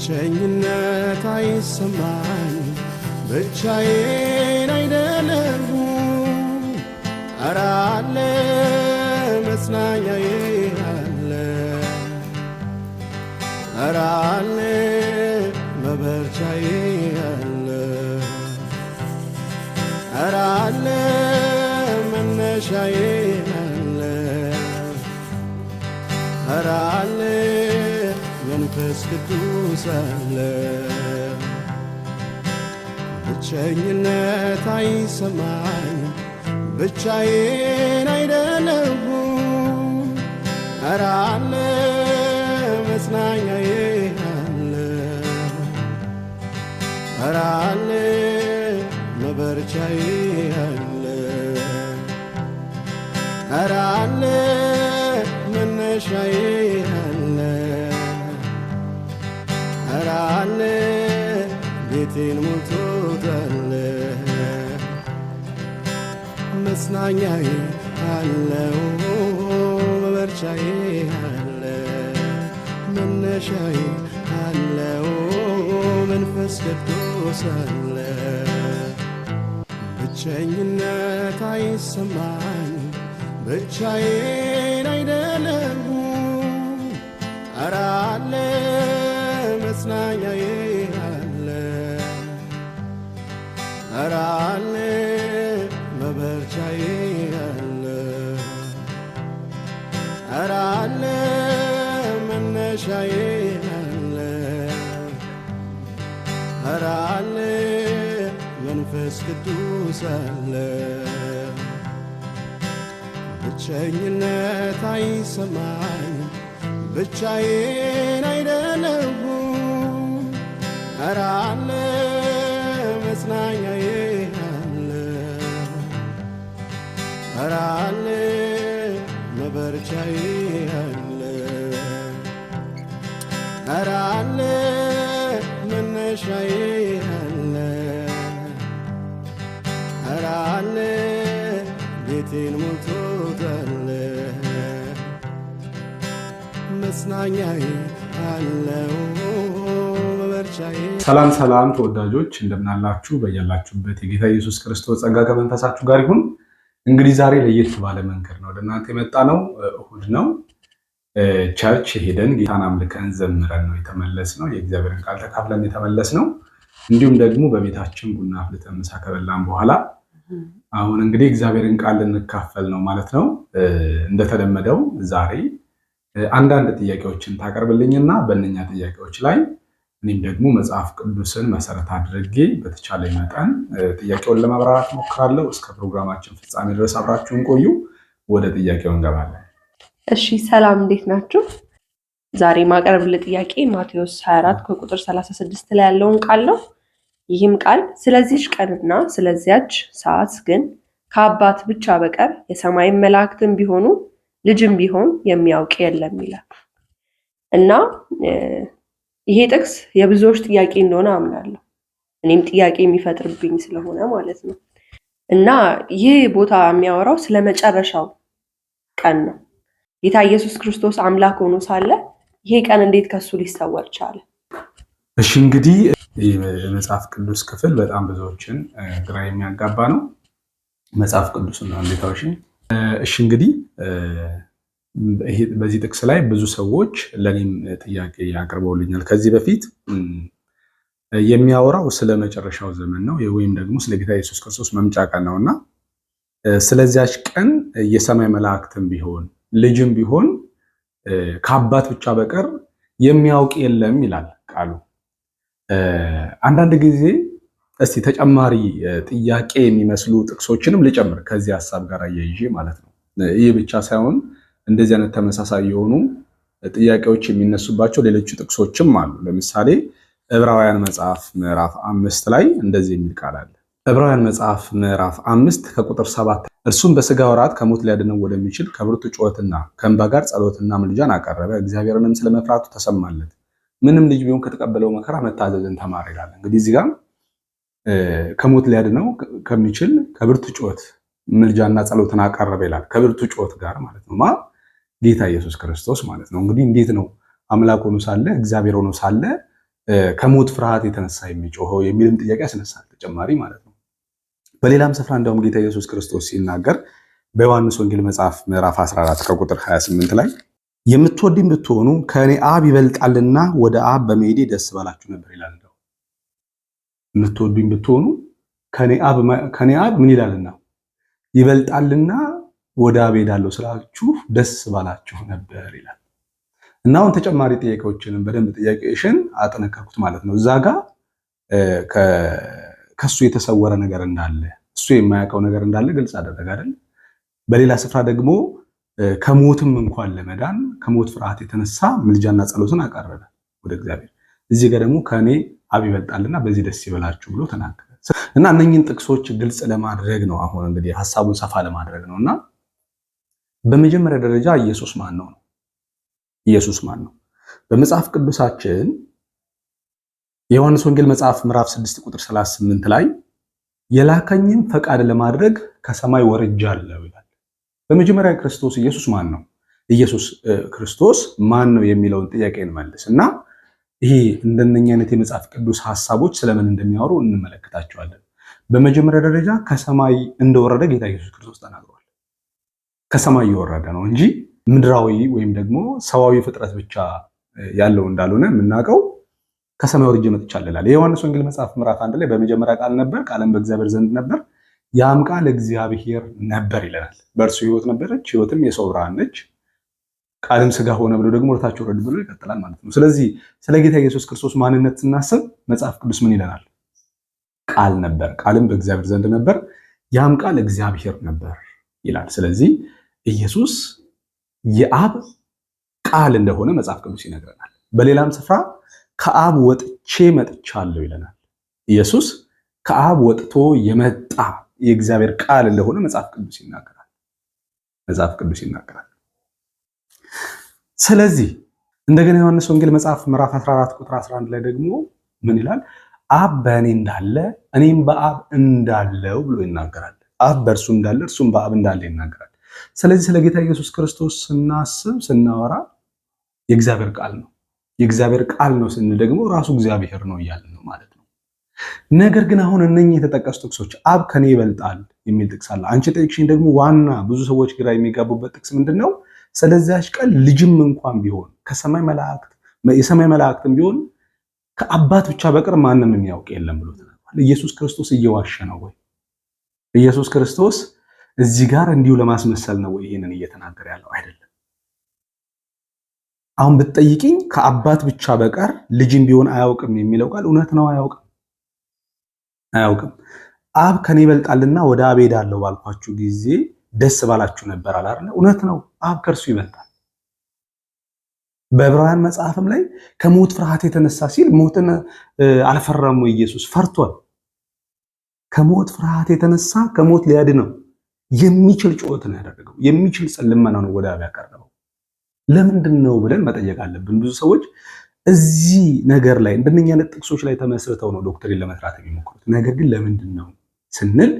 ብቸኝነት አይሰማኝ ብቻዬን አይደለሁም ኧረ አለ መጽናኛዬ አለ ኧረ አለ መበርቻዬ አለ ኧረ አለ መነሻዬ አለ ኧረ መንፈስ ቅዱስ አለ። ብቸኝነት አይሰማኝ ብቻዬን አይደለም ልቤን ሞልቶታል መጽናኛዬ አለው መመርቻዬ አለ መነሻዬ አለው መንፈስ ቅዱስ አለ ብቸኝነት አይሰማኝ ብቻዬን አይደለም አራለ ሸራ አለ መበርቻዬ አለ ሸራ አለ መነሻዬ አለ ሸራ አለ መንፈስ ቅዱስ አለ ብቸኝነት አይሰማኝ ብቻዬን አይደለሁም ሸራ አለ አለ መበርቻዬ አለ ኧረ አለ መነሻዬ አለ ኧረ አለ ቤቴን ሞልቶታል መጽናኛዬ አለው ሰላም ሰላም ተወዳጆች እንደምናላችሁ በያላችሁበት የጌታ ኢየሱስ ክርስቶስ ጸጋ ከመንፈሳችሁ ጋር ይሁን እንግዲህ ዛሬ ለየት ባለ መንገድ ነው ለእናንተ የመጣ ነው። እሁድ ነው። ቸርች ሄደን ጌታን አምልከን ዘምረን ነው የተመለስ ነው። የእግዚአብሔርን ቃል ተካፍለን የተመለስ ነው። እንዲሁም ደግሞ በቤታችን ቡና አፍልተን ምሳ ከበላን በኋላ አሁን እንግዲህ እግዚአብሔርን ቃል ልንካፈል ነው ማለት ነው። እንደተለመደው ዛሬ አንዳንድ ጥያቄዎችን ታቀርብልኝና በእነኛ ጥያቄዎች ላይ እኔም ደግሞ መጽሐፍ ቅዱስን መሰረት አድርጌ በተቻለ መጠን ጥያቄውን ለማብራራት ሞክራለሁ። እስከ ፕሮግራማችን ፍጻሜ ድረስ አብራችሁን ቆዩ። ወደ ጥያቄው እንገባለን። እሺ፣ ሰላም እንዴት ናችሁ? ዛሬ ማቅረብልህ ጥያቄ ማቴዎስ 24 ከቁጥር 36 ላይ ያለውን ቃል ነው። ይህም ቃል ስለዚች ቀንና ስለዚያች ሰዓት ግን ከአባት ብቻ በቀር የሰማይን መላእክትም ቢሆኑ ልጅም ቢሆን የሚያውቅ የለም ይላል እና ይሄ ጥቅስ የብዙዎች ጥያቄ እንደሆነ አምናለሁ። እኔም ጥያቄ የሚፈጥርብኝ ስለሆነ ማለት ነው። እና ይህ ቦታ የሚያወራው ስለ መጨረሻው ቀን ነው። ጌታ ኢየሱስ ክርስቶስ አምላክ ሆኖ ሳለ ይሄ ቀን እንዴት ከሱ ሊሰወር ቻለ? እሺ እንግዲህ የመጽሐፍ ቅዱስ ክፍል በጣም ብዙዎችን ግራ የሚያጋባ ነው። መጽሐፍ ቅዱስና ሁኔታዎችን እሺ እንግዲህ በዚህ ጥቅስ ላይ ብዙ ሰዎች ለእኔም ጥያቄ አቅርበውልኛል። ከዚህ በፊት የሚያወራው ስለ መጨረሻው ዘመን ነው ወይም ደግሞ ስለ ጌታ ኢየሱስ ክርስቶስ መምጫ ቀን ነው እና ስለዚያች ቀን የሰማይ መላእክትም ቢሆን ልጅም ቢሆን ከአባት ብቻ በቀር የሚያውቅ የለም ይላል ቃሉ። አንዳንድ ጊዜ እስቲ ተጨማሪ ጥያቄ የሚመስሉ ጥቅሶችንም ልጨምር ከዚህ ሀሳብ ጋር አያይዤ ማለት ነው። ይህ ብቻ ሳይሆን እንደዚህ አይነት ተመሳሳይ የሆኑ ጥያቄዎች የሚነሱባቸው ሌሎች ጥቅሶችም አሉ። ለምሳሌ ዕብራውያን መጽሐፍ ምዕራፍ አምስት ላይ እንደዚህ የሚል ቃል አለ። ዕብራውያን መጽሐፍ ምዕራፍ አምስት ከቁጥር ሰባት እርሱም በስጋ ወራት ከሞት ሊያድነው ወደሚችል ከብርቱ ጩኸትና ከእንባ ጋር ጸሎትና ምልጃን አቀረበ፣ እግዚአብሔርንም ስለመፍራቱ ተሰማለት። ምንም ልጅ ቢሆን ከተቀበለው መከራ መታዘዝን ተማር ይላል። እንግዲህ እዚህ ጋር ከሞት ሊያድነው ከሚችል ከብርቱ ጩኸት ምልጃና ጸሎትን አቀረበ ይላል። ከብርቱ ጩኸት ጋር ማለት ነው ጌታ ኢየሱስ ክርስቶስ ማለት ነው። እንግዲህ እንዴት ነው አምላክ ሆኖ ሳለ እግዚአብሔር ሆኖ ሳለ ከሞት ፍርሃት የተነሳ የሚጮኸው የሚልም ጥያቄ ያስነሳል ተጨማሪ ማለት ነው። በሌላም ስፍራ እንደውም ጌታ ኢየሱስ ክርስቶስ ሲናገር በዮሐንስ ወንጌል መጽሐፍ ምዕራፍ 14 ከቁጥር 28 ላይ የምትወዱኝ ብትሆኑ ከእኔ አብ ይበልጣልና ወደ አብ በመሄዴ ደስ ባላችሁ ነበር ይላል። እንደው የምትወዱኝ ብትሆኑ ከእኔ አብ ምን ይላልና ይበልጣልና ወደ አብ እሄዳለሁ ስላችሁ ደስ ባላችሁ ነበር ይላል እና አሁን ተጨማሪ ጥያቄዎችንም በደንብ ጥያቄሽን አጠነከርኩት ማለት ነው። እዛ ጋ ከሱ የተሰወረ ነገር እንዳለ እሱ የማያውቀው ነገር እንዳለ ግልጽ አደረገ አይደል? በሌላ ስፍራ ደግሞ ከሞትም እንኳን ለመዳን ከሞት ፍርሃት የተነሳ ምልጃና ጸሎትን አቀረበ ወደ እግዚአብሔር። እዚህ ጋር ደግሞ ከእኔ አብ ይበልጣልና በዚህ ደስ ይበላችሁ ብሎ ተናገረ እና እነኝን ጥቅሶች ግልጽ ለማድረግ ነው። አሁን እንግዲህ ሀሳቡን ሰፋ ለማድረግ ነው እና በመጀመሪያ ደረጃ ኢየሱስ ማን ነው? ኢየሱስ ማን ነው? በመጽሐፍ ቅዱሳችን የዮሐንስ ወንጌል መጽሐፍ ምዕራፍ 6 ቁጥር 38 ላይ የላከኝን ፈቃድ ለማድረግ ከሰማይ ወርጃለሁ ይላል። በመጀመሪያ ክርስቶስ ኢየሱስ ማን ነው? ኢየሱስ ክርስቶስ ማን ነው የሚለውን ጥያቄ እንመልስ እና ይሄ እንደነኛ አይነት የመጽሐፍ ቅዱስ ሐሳቦች ስለምን እንደሚያወሩ እንመለከታቸዋለን። በመጀመሪያ ደረጃ ከሰማይ እንደወረደ ጌታ ኢየሱስ ክርስቶስ ተናግሯል። ከሰማይ የወረደ ነው እንጂ ምድራዊ ወይም ደግሞ ሰዋዊ ፍጥረት ብቻ ያለው እንዳልሆነ የምናውቀው ከሰማይ ወርጄ መጥቻለሁ ይላል። የዮሐንስ ወንጌል መጽሐፍ ምዕራፍ አንድ ላይ በመጀመሪያ ቃል ነበር፣ ቃልም በእግዚአብሔር ዘንድ ነበር፣ ያም ቃል እግዚአብሔር ነበር ይለናል። በእርሱ ህይወት ነበረች፣ ህይወትም የሰው ብርሃን ነች፣ ቃልም ስጋ ሆነ ብሎ ደግሞ ወደታች ወረድ ብሎ ይቀጥላል ማለት ነው። ስለዚህ ስለ ጌታ ኢየሱስ ክርስቶስ ማንነት ስናስብ መጽሐፍ ቅዱስ ምን ይለናል? ቃል ነበር፣ ቃልም በእግዚአብሔር ዘንድ ነበር፣ ያም ቃል እግዚአብሔር ነበር ይላል። ስለዚህ ኢየሱስ የአብ ቃል እንደሆነ መጽሐፍ ቅዱስ ይነግረናል። በሌላም ስፍራ ከአብ ወጥቼ መጥቻለሁ ይለናል። ኢየሱስ ከአብ ወጥቶ የመጣ የእግዚአብሔር ቃል እንደሆነ መጽሐፍ ቅዱስ ይናገራል። መጽሐፍ ቅዱስ ይናገራል። ስለዚህ እንደገና ዮሐንስ ወንጌል መጽሐፍ ምዕራፍ 14 ቁጥር 11 ላይ ደግሞ ምን ይላል? አብ በእኔ እንዳለ እኔም በአብ እንዳለው ብሎ ይናገራል። አብ በእርሱ እንዳለ እርሱም በአብ እንዳለ ይናገራል። ስለዚህ ስለ ጌታ ኢየሱስ ክርስቶስ ስናስብ ስናወራ የእግዚአብሔር ቃል ነው። የእግዚአብሔር ቃል ነው ስንል ደግሞ ራሱ እግዚአብሔር ነው እያልን ነው ማለት ነው። ነገር ግን አሁን እነኚህ የተጠቀሱ ጥቅሶች አብ ከኔ ይበልጣል የሚል ጥቅስ አለ። አንቺ ጠቅሽኝ ደግሞ ዋና ብዙ ሰዎች ግራ የሚጋቡበት ጥቅስ ምንድን ነው? ስለዚያች ልጅም እንኳን ቢሆን ከሰማይ መላእክት የሰማይ መላእክትም ቢሆን ከአባት ብቻ በቀር ማንም የሚያውቅ የለም ብሎ ተናግሯል። ኢየሱስ ክርስቶስ እየዋሸ ነው ወይ? ኢየሱስ ክርስቶስ እዚህ ጋር እንዲሁ ለማስመሰል ነው ይሄንን እየተናገረ ያለው አይደለም። አሁን ብትጠይቅኝ ከአባት ብቻ በቀር ልጅም ቢሆን አያውቅም የሚለው ቃል እውነት ነው። አያውቅም አያውቅም። አብ ከኔ ይበልጣልና ወደ አብ ሄዳለሁ ባልኳችሁ ጊዜ ደስ ባላችሁ ነበር አለ አይደል? እውነት ነው። አብ ከእርሱ ይበልጣል። በዕብራውያን መጽሐፍም ላይ ከሞት ፍርሃት የተነሳ ሲል ሞትን አልፈራም ወይ ኢየሱስ? ፈርቷል። ከሞት ፍርሃት የተነሳ ከሞት ሊያድነው የሚችል ጩኸት ነው ያደረገው። የሚችል ጽልመና ነው ወደ አብ ያቀረበው። ለምንድን ነው ብለን መጠየቅ አለብን። ብዙ ሰዎች እዚህ ነገር ላይ እንደነኛ አይነት ጥቅሶች ላይ ተመስርተው ነው ዶክትሪን ለመስራት የሚሞክሩት። ነገር ግን ለምንድን ነው ስንል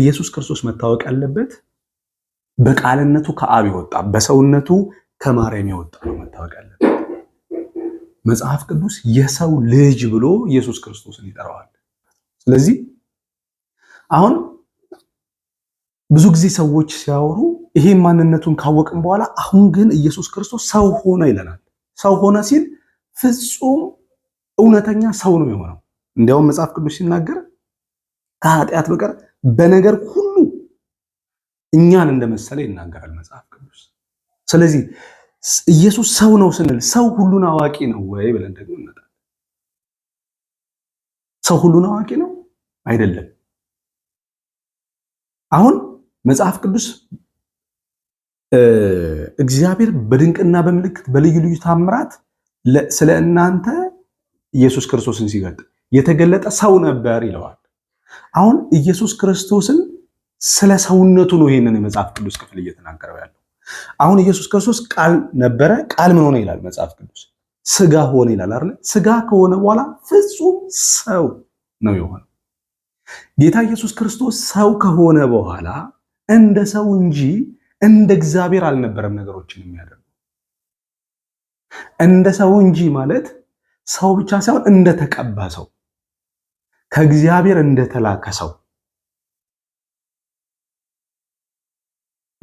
ኢየሱስ ክርስቶስ መታወቅ ያለበት በቃልነቱ ከአብ የወጣ በሰውነቱ ከማርያም የወጣ ነው መታወቅ ያለበት። መጽሐፍ ቅዱስ የሰው ልጅ ብሎ ኢየሱስ ክርስቶስን ይጠራዋል። ስለዚህ አሁን ብዙ ጊዜ ሰዎች ሲያወሩ ይሄ ማንነቱን ካወቅን በኋላ አሁን ግን ኢየሱስ ክርስቶስ ሰው ሆነ ይለናል። ሰው ሆነ ሲል ፍጹም እውነተኛ ሰው ነው የሆነው። እንዲያውም መጽሐፍ ቅዱስ ሲናገር ከኃጢአት በቀር በነገር ሁሉ እኛን እንደመሰለ ይናገራል መጽሐፍ ቅዱስ። ስለዚህ ኢየሱስ ሰው ነው ስንል ሰው ሁሉን አዋቂ ነው ወይ ብለን ደግሞ እንመጣለን። ሰው ሁሉን አዋቂ ነው አይደለም። አሁን መጽሐፍ ቅዱስ እግዚአብሔር በድንቅና በምልክት በልዩ ልዩ ታምራት ስለ እናንተ ኢየሱስ ክርስቶስን ሲገልጥ የተገለጠ ሰው ነበር ይለዋል። አሁን ኢየሱስ ክርስቶስን ስለ ሰውነቱ ነው ይህንን የመጽሐፍ ቅዱስ ክፍል እየተናገረው ያለው። አሁን ኢየሱስ ክርስቶስ ቃል ነበረ፣ ቃል ምን ሆነ ይላል መጽሐፍ ቅዱስ ስጋ ሆነ ይላል አይደል? ስጋ ከሆነ በኋላ ፍጹም ሰው ነው የሆነው። ጌታ ኢየሱስ ክርስቶስ ሰው ከሆነ በኋላ እንደ ሰው እንጂ እንደ እግዚአብሔር አልነበረም ነገሮችን የሚያደርጉ። እንደ ሰው እንጂ ማለት ሰው ብቻ ሳይሆን እንደ ተቀባ ሰው ከእግዚአብሔር እንደተላከ ሰው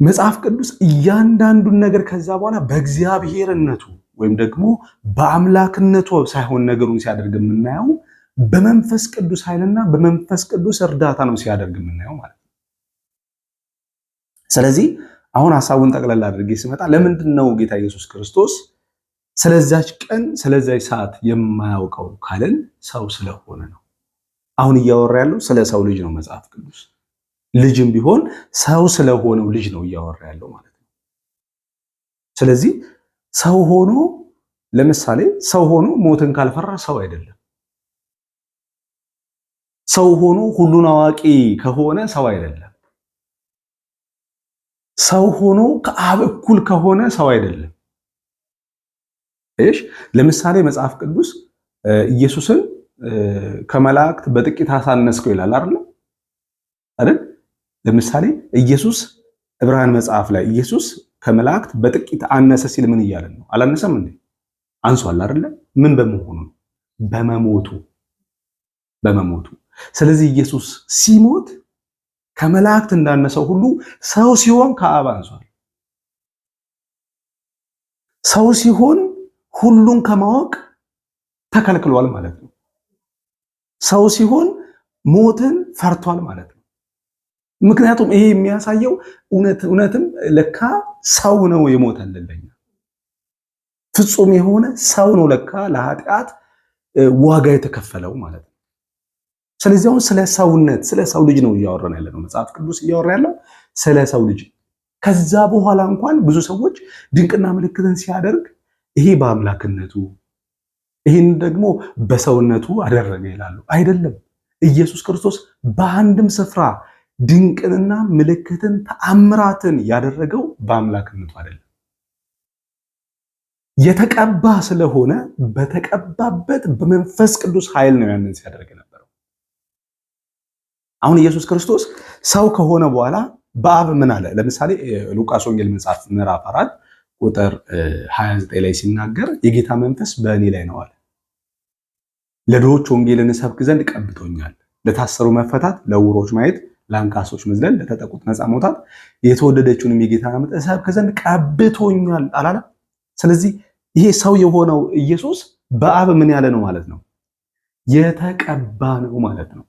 መጽሐፍ ቅዱስ እያንዳንዱን ነገር ከዛ በኋላ በእግዚአብሔርነቱ ወይም ደግሞ በአምላክነቱ ሳይሆን ነገሩን ሲያደርግ የምናየው በመንፈስ ቅዱስ ኃይልና በመንፈስ ቅዱስ እርዳታ ነው ሲያደርግ የምናየው ማለት ነው። ስለዚህ አሁን ሀሳቡን ጠቅላላ አድርጌ ስመጣ ለምንድን ነው ጌታ ኢየሱስ ክርስቶስ ስለዛች ቀን ስለዛች ሰዓት የማያውቀው ካልን ሰው ስለሆነ ነው። አሁን እያወራ ያለው ስለ ሰው ልጅ ነው። መጽሐፍ ቅዱስ ልጅም ቢሆን ሰው ስለሆነው ልጅ ነው እያወራ ያለው ማለት ነው። ስለዚህ ሰው ሆኖ ለምሳሌ ሰው ሆኖ ሞትን ካልፈራ ሰው አይደለም። ሰው ሆኖ ሁሉን አዋቂ ከሆነ ሰው አይደለም። ሰው ሆኖ ከአብ እኩል ከሆነ ሰው አይደለም። እሺ ለምሳሌ መጽሐፍ ቅዱስ ኢየሱስን ከመላእክት በጥቂት አሳነስከው ይላል አይደል? አይደል? ለምሳሌ ኢየሱስ ዕብራን መጽሐፍ ላይ ኢየሱስ ከመላእክት በጥቂት አነሰ ሲል ምን እያለን ነው? አላነሰም እንዴ? አንሷል አይደል? ምን በመሆኑ ነው? በመሞቱ በመሞቱ። ስለዚህ ኢየሱስ ሲሞት ከመላእክት እንዳነሰው ሁሉ ሰው ሲሆን ከአብ አንሷል። ሰው ሲሆን ሁሉን ከማወቅ ተከልክሏል ማለት ነው። ሰው ሲሆን ሞትን ፈርቷል ማለት ነው። ምክንያቱም ይሄ የሚያሳየው እውነትም ለካ ሰው ነው የሞተልን ፍጹም የሆነ ሰው ነው ለካ ለኃጢአት ዋጋ የተከፈለው ማለት ነው። ስለዚህ አሁን ስለ ሰውነት ስለ ሰው ልጅ ነው እያወራን ያለ ነው መጽሐፍ ቅዱስ እያወራ ያለው ስለ ሰው ልጅ። ከዛ በኋላ እንኳን ብዙ ሰዎች ድንቅና ምልክትን ሲያደርግ ይሄ በአምላክነቱ ይህን ደግሞ በሰውነቱ አደረገ ይላሉ። አይደለም። ኢየሱስ ክርስቶስ በአንድም ስፍራ ድንቅንና ምልክትን ተአምራትን ያደረገው በአምላክነቱ አይደለም። የተቀባ ስለሆነ በተቀባበት በመንፈስ ቅዱስ ኃይል ነው ያንን ሲያደርግ ነበር። አሁን ኢየሱስ ክርስቶስ ሰው ከሆነ በኋላ በአብ ምን አለ? ለምሳሌ ሉቃስ ወንጌል መጽሐፍ ምዕራፍ አራት ቁጥር 29 ላይ ሲናገር የጌታ መንፈስ በእኔ ላይ ነው አለ። ለድሆች ወንጌልን እሰብክ ዘንድ ቀብቶኛል፣ ለታሰሩ መፈታት፣ ለውሮች ማየት፣ ለአንካሶች መዝለል፣ ለተጠቁት ነፃ መውጣት፣ የተወደደችውንም የጌታ ምጥ እሰብክ ዘንድ ቀብቶኛል አላለ። ስለዚህ ይሄ ሰው የሆነው ኢየሱስ በአብ ምን ያለ ነው ማለት ነው? የተቀባ ነው ማለት ነው።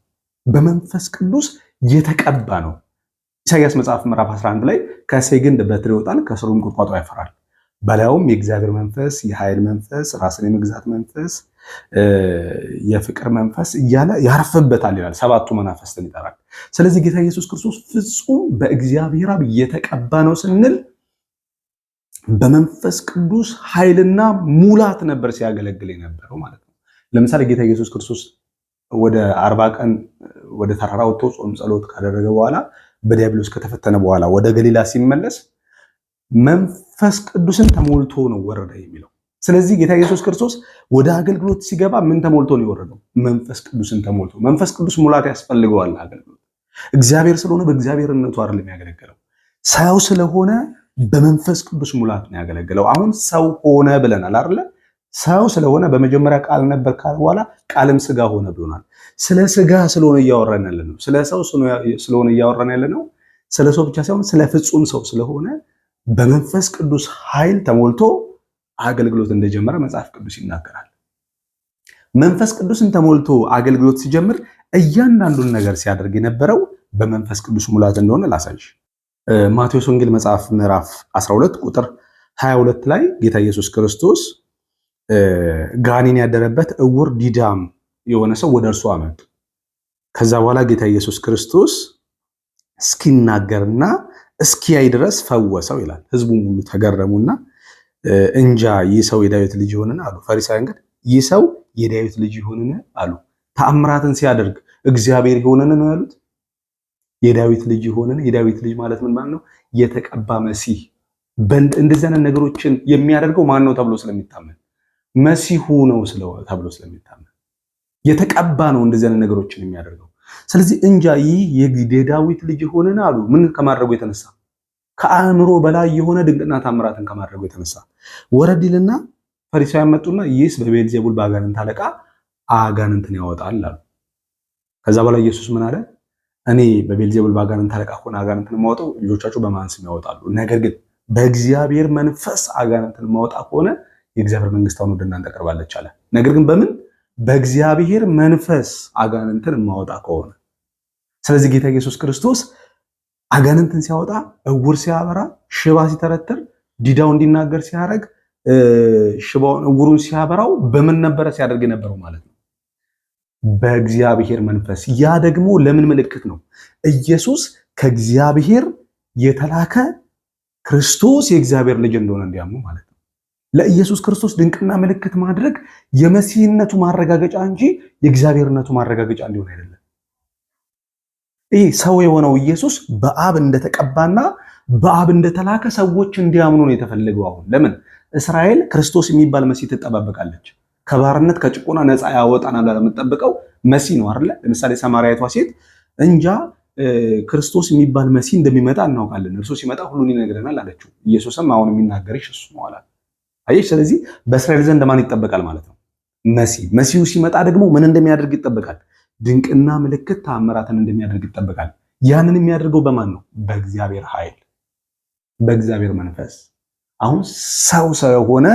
በመንፈስ ቅዱስ የተቀባ ነው። ኢሳያስ መጽሐፍ ምዕራፍ 11 ላይ ከእሴይ ግንድ በትር ይወጣል፣ ከስሩም ቁጥቋጦ ያፈራል። በላዩም የእግዚአብሔር መንፈስ፣ የኃይል መንፈስ፣ ራስን የመግዛት መንፈስ፣ የፍቅር መንፈስ እያለ ያርፍበታል ይላል። ሰባቱ መናፈስትን ይጠራል። ስለዚህ ጌታ ኢየሱስ ክርስቶስ ፍጹም በእግዚአብሔር አብ የተቀባ ነው ስንል በመንፈስ ቅዱስ ኃይልና ሙላት ነበር ሲያገለግል የነበረው ማለት ነው። ለምሳሌ ጌታ ኢየሱስ ክርስቶስ ወደ አርባ ቀን ወደ ተራራ ወጥቶ ጾም ጸሎት ካደረገ በኋላ በዲያብሎስ ከተፈተነ በኋላ ወደ ገሊላ ሲመለስ መንፈስ ቅዱስን ተሞልቶ ነው ወረደ የሚለው። ስለዚህ ጌታ ኢየሱስ ክርስቶስ ወደ አገልግሎት ሲገባ ምን ተሞልቶ ነው የወረደው? መንፈስ ቅዱስን ተሞልቶ። መንፈስ ቅዱስ ሙላት ያስፈልገዋል። አገልግሎት እግዚአብሔር ስለሆነ በእግዚአብሔርነቱ አይደለም የሚያገለግለው፣ ሰው ስለሆነ በመንፈስ ቅዱስ ሙላት ነው ያገለግለው። አሁን ሰው ሆነ ብለናል አይደለ? ሰው ስለሆነ በመጀመሪያ ቃል ነበር ካለ በኋላ ቃልም ስጋ ሆነ ብሎናል። ስለ ስጋ ስለሆነ እያወራን ያለ ነው። ስለ ሰው ስለሆነ እያወራን ያለ ነው። ስለ ሰው ብቻ ሳይሆን ስለ ፍጹም ሰው ስለሆነ በመንፈስ ቅዱስ ኃይል ተሞልቶ አገልግሎት እንደጀመረ መጽሐፍ ቅዱስ ይናገራል። መንፈስ ቅዱስን ተሞልቶ አገልግሎት ሲጀምር እያንዳንዱን ነገር ሲያደርግ የነበረው በመንፈስ ቅዱስ ሙላት እንደሆነ ላሳይሽ። ማቴዎስ ወንጌል መጽሐፍ ምዕራፍ 12 ቁጥር 22 ላይ ጌታ ኢየሱስ ክርስቶስ ጋኔን ያደረበት እውር ዲዳም የሆነ ሰው ወደ እርሱ አመጡ። ከዛ በኋላ ጌታ ኢየሱስ ክርስቶስ እስኪናገርና እስኪያይ ድረስ ፈወሰው ይላል። ህዝቡም ሁሉ ተገረሙና እንጃ ይህ ሰው የዳዊት ልጅ ይሆንን አሉ። ፈሪሳውያን ግን ይህ ሰው የዳዊት ልጅ ይሆንን አሉ። ተአምራትን ሲያደርግ እግዚአብሔር ይሆንን ነው ያሉት። የዳዊት ልጅ ይሆንን። የዳዊት ልጅ ማለት ምን ማለት ነው? የተቀባ መሲህ። እንደዚህ አይነት ነገሮችን የሚያደርገው ማን ነው ተብሎ ስለሚታመን መሲሁ ነው ተብሎ ስለሚታመን የተቀባ ነው እንደዚህ አይነት ነገሮችን የሚያደርገው። ስለዚህ እንጃ ይህ የዳዊት ልጅ ሆነን አሉ ምን ከማድረጉ የተነሳ ከአእምሮ በላይ የሆነ ድንቅና ታምራትን ከማድረጉ የተነሳ ወረዲልና ፈሪሳውያን መጡና ይህስ በቤልዜቡል በአጋንንት አለቃ አጋንንትን ያወጣል አሉ። ከዛ በኋላ ኢየሱስ ምን አለ? እኔ በቤልዜቡል በአጋንንት አለቃ ሆነ አጋንንትን ማወጣው ልጆቻችሁ በማን ስም ያወጣሉ? ነገር ግን በእግዚአብሔር መንፈስ አጋንንትን ማወጣ ከሆነ የእግዚአብሔር መንግስታውን ወደ እናንተ ቀርባለች አለ። ነገር ግን በምን በእግዚአብሔር መንፈስ አጋንንትን ማወጣ ከሆነ ስለዚህ ጌታ ኢየሱስ ክርስቶስ አጋንንትን ሲያወጣ፣ እውር ሲያበራ፣ ሽባ ሲተረትር፣ ዲዳው እንዲናገር ሲያደርግ፣ ሽባውን እውሩን ሲያበራው በምን ነበረ ሲያደርግ የነበረው ማለት ነው? በእግዚአብሔር መንፈስ። ያ ደግሞ ለምን ምልክት ነው? ኢየሱስ ከእግዚአብሔር የተላከ ክርስቶስ የእግዚአብሔር ልጅ እንደሆነ እንዲያምኑ ማለት ነው። ለኢየሱስ ክርስቶስ ድንቅና ምልክት ማድረግ የመሲህነቱ ማረጋገጫ እንጂ የእግዚአብሔርነቱ ማረጋገጫ ሊሆን አይደለም። ይህ ሰው የሆነው ኢየሱስ በአብ እንደተቀባና በአብ እንደተላከ ሰዎች እንዲያምኑ ነው የተፈለገው። አሁን ለምን እስራኤል ክርስቶስ የሚባል መሲህ ትጠባበቃለች? ከባርነት ከጭቆና ነፃ ያወጣና ለምጠብቀው መሲህ ነው አለ። ለምሳሌ ሰማርያቷ ሴት እንጃ ክርስቶስ የሚባል መሲህ እንደሚመጣ እናውቃለን፣ እርሱ ሲመጣ ሁሉን ይነግረናል አለችው። ኢየሱስም አሁን የሚናገርሽ እሱ ነው አላት። አየሽ። ስለዚህ በእስራኤል ዘንድ ማን ይጠበቃል ማለት ነው? መሲ። መሲሁ ሲመጣ ደግሞ ምን እንደሚያደርግ ይጠበቃል? ድንቅና ምልክት ተአምራትን እንደሚያደርግ ይጠበቃል። ያንን የሚያደርገው በማን ነው? በእግዚአብሔር ኃይል፣ በእግዚአብሔር መንፈስ። አሁን ሰው ስለሆነ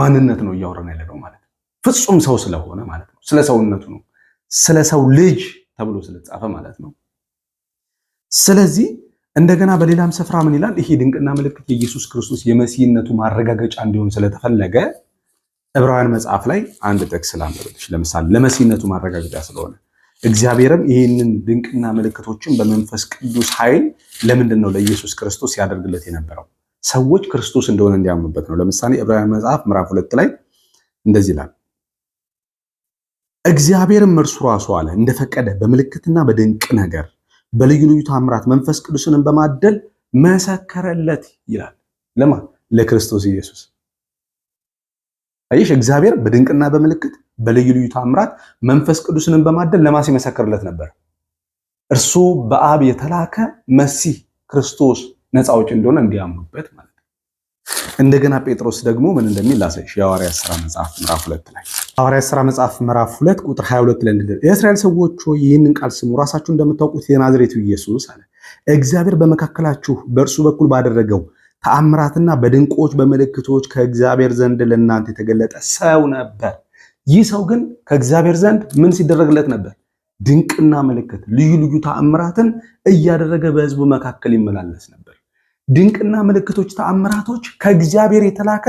ማንነት ነው እያወረን ያለነው ማለት ነው። ፍጹም ሰው ስለሆነ ማለት ነው። ስለ ሰውነቱ ነው፣ ስለ ሰው ልጅ ተብሎ ስለተጻፈ ማለት ነው። ስለዚህ እንደገና በሌላም ስፍራ ምን ይላል? ይሄ ድንቅና ምልክት የኢየሱስ ክርስቶስ የመሲህነቱ ማረጋገጫ እንዲሆን ስለተፈለገ ዕብራውያን መጽሐፍ ላይ አንድ ጥቅስ ላንብብልሽ። ለምሳሌ ለመሲህነቱ ማረጋገጫ ስለሆነ እግዚአብሔርም ይህንን ድንቅና ምልክቶችን በመንፈስ ቅዱስ ኃይል ለምንድን ነው ለኢየሱስ ክርስቶስ ያደርግለት የነበረው? ሰዎች ክርስቶስ እንደሆነ እንዲያምኑበት ነው። ለምሳሌ ዕብራውያን መጽሐፍ ምዕራፍ ሁለት ላይ እንደዚህ ይላል እግዚአብሔርም እርሱ ራሱ አለ እንደፈቀደ በምልክትና በድንቅ ነገር በልዩ ልዩ ታምራት መንፈስ ቅዱስንም በማደል መሰከረለት ይላል። ለማ ለክርስቶስ ኢየሱስ። አይሽ እግዚአብሔር በድንቅና በምልክት በልዩ ልዩ ታምራት መንፈስ ቅዱስንም በማደል ለማን ሲመሰክርለት ነበር? እርሱ በአብ የተላከ መሲህ ክርስቶስ ነፃ አውጪ እንደሆነ እንዲያምኑበት ማለት እንደገና ጴጥሮስ ደግሞ ምን እንደሚል ላሳይሽ። የሐዋርያት ሥራ መጽሐፍ ምዕራፍ ሁለት ላይ ሐዋርያት ሥራ መጽሐፍ ምዕራፍ ሁለት ቁጥር 22 ላይ እንደ የእስራኤል ሰዎች ሆይ ይህንን ቃል ስሙ፣ ራሳችሁ እንደምታውቁት የናዝሬቱ ኢየሱስ አለ እግዚአብሔር በመካከላችሁ በእርሱ በኩል ባደረገው ተአምራትና በድንቆች በምልክቶች ከእግዚአብሔር ዘንድ ለእናንተ የተገለጠ ሰው ነበር። ይህ ሰው ግን ከእግዚአብሔር ዘንድ ምን ሲደረግለት ነበር? ድንቅና ምልክት ልዩ ልዩ ተአምራትን እያደረገ በሕዝቡ መካከል ይመላለስ ነበር። ድንቅና ምልክቶች፣ ተአምራቶች ከእግዚአብሔር የተላከ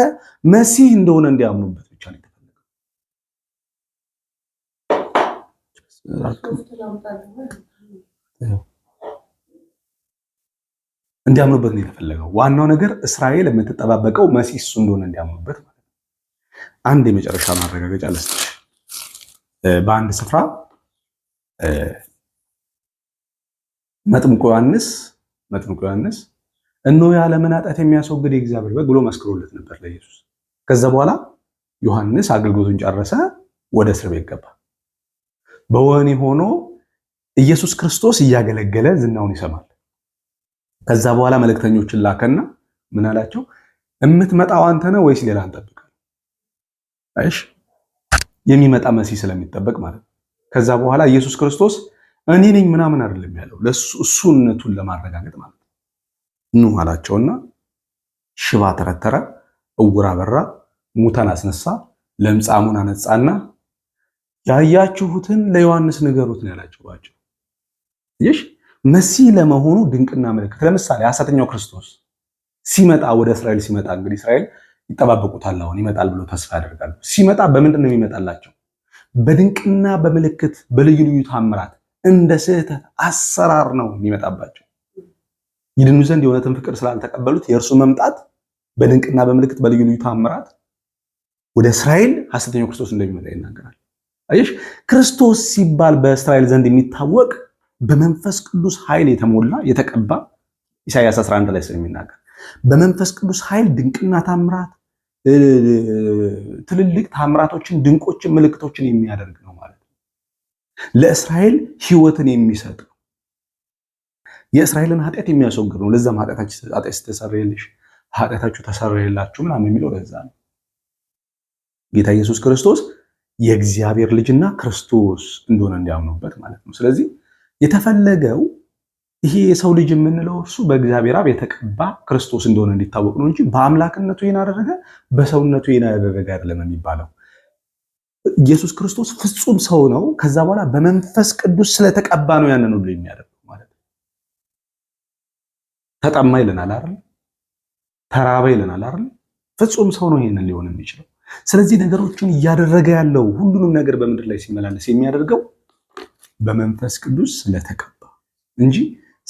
መሲህ እንደሆነ እንዲያምኑበት ብቻ ነው የተፈለገው። እንዲያምኑበት ነው የተፈለገው። ዋናው ነገር እስራኤል የምትጠባበቀው መሲህ እሱ እንደሆነ እንዲያምኑበት ማለት ነው። አንድ የመጨረሻ ማረጋገጫ ለስች በአንድ ስፍራ መጥምቁ ዮሐንስ መጥምቁ ዮሐንስ እኖ የዓለምን ኃጢአት የሚያስወግድ የእግዚአብሔር በግ ብሎ መስክሮለት ነበር ለኢየሱስ። ከዛ በኋላ ዮሐንስ አገልግሎቱን ጨረሰ፣ ወደ እስር ቤት ገባ። በወህኒ ሆኖ ኢየሱስ ክርስቶስ እያገለገለ ዝናውን ይሰማል። ከዛ በኋላ መልእክተኞችን ላከና ምን አላቸው? እምትመጣው አንተ ነው ወይስ ሌላ እንጠብቅ? አይሽ የሚመጣ መሲህ ስለሚጠበቅ ማለት ነው። ከዛ በኋላ ኢየሱስ ክርስቶስ እኔ ነኝ ምናምን አይደለም ያለው፣ ለእሱ እሱነቱን ለማረጋገጥ ማለት ነው። ኑ አላቸውና ሽባ ተረተረ፣ እውር አበራ፣ ሙታን አስነሳ፣ ለምጻሙን አነጻና ያያችሁትን ለዮሐንስ ንገሩት ነው ያላችኋቸው። ይሽ መሲህ ለመሆኑ ድንቅና ምልክት። ለምሳሌ ሐሰተኛው ክርስቶስ ሲመጣ ወደ እስራኤል ሲመጣ እንግዲህ እስራኤል ይጠባበቁታል። አሁን ይመጣል ብሎ ተስፋ ያደርጋሉ። ሲመጣ በምንድን ነው የሚመጣላቸው? በድንቅና በምልክት በልዩ ልዩ ታምራት እንደ ስህተት አሰራር ነው የሚመጣባቸው። ይድኑ ዘንድ የእውነትን ፍቅር ስላልተቀበሉት የእርሱ መምጣት በድንቅና በምልክት በልዩ ልዩ ታምራት ወደ እስራኤል ሐሰተኛው ክርስቶስ እንደሚመጣ ይናገራል። አየሽ፣ ክርስቶስ ሲባል በእስራኤል ዘንድ የሚታወቅ በመንፈስ ቅዱስ ኃይል የተሞላ የተቀባ ኢሳይያስ 11 ላይ ስለሚናገር በመንፈስ ቅዱስ ኃይል ድንቅና ታምራት ትልልቅ ታምራቶችን፣ ድንቆችን፣ ምልክቶችን የሚያደርግ ነው ማለት ነው። ለእስራኤል ሕይወትን የሚሰጥ የእስራኤልን ኃጢአት የሚያስወግድ ነው። ለዛም ኃጢአት ተሰረየልሽ፣ ኃጢአታችሁ ተሰረየላችሁ ምናምን የሚለው ለዛ ነው። ጌታ ኢየሱስ ክርስቶስ የእግዚአብሔር ልጅና ክርስቶስ እንደሆነ እንዲያምኑበት ማለት ነው። ስለዚህ የተፈለገው ይሄ የሰው ልጅ የምንለው እርሱ በእግዚአብሔር አብ የተቀባ ክርስቶስ እንደሆነ እንዲታወቅ ነው እንጂ በአምላክነቱ ይህን አደረገ፣ በሰውነቱ ይህን አደረገ አይደለም የሚባለው። ኢየሱስ ክርስቶስ ፍጹም ሰው ነው። ከዛ በኋላ በመንፈስ ቅዱስ ስለተቀባ ነው ያንን ሁሉ የሚያደርግ ተጠማ ይለናል አይደል? ተራበ ይለናል አይደል? ፍጹም ሰው ነው ይሄንን ሊሆን የሚችለው። ስለዚህ ነገሮችን እያደረገ ያለው ሁሉንም ነገር በምድር ላይ ሲመላለስ የሚያደርገው በመንፈስ ቅዱስ ስለተቀባ እንጂ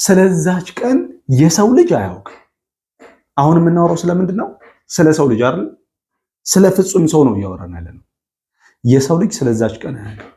ስለዛች ቀን የሰው ልጅ አያውቅም። አሁን የምናወራው ስለምንድን ነው? ስለ ሰው ልጅ አይደል? ስለ ፍጹም ሰው ነው እያወራን ያለ ነው። የሰው ልጅ ስለዛች ቀን አያውቅም።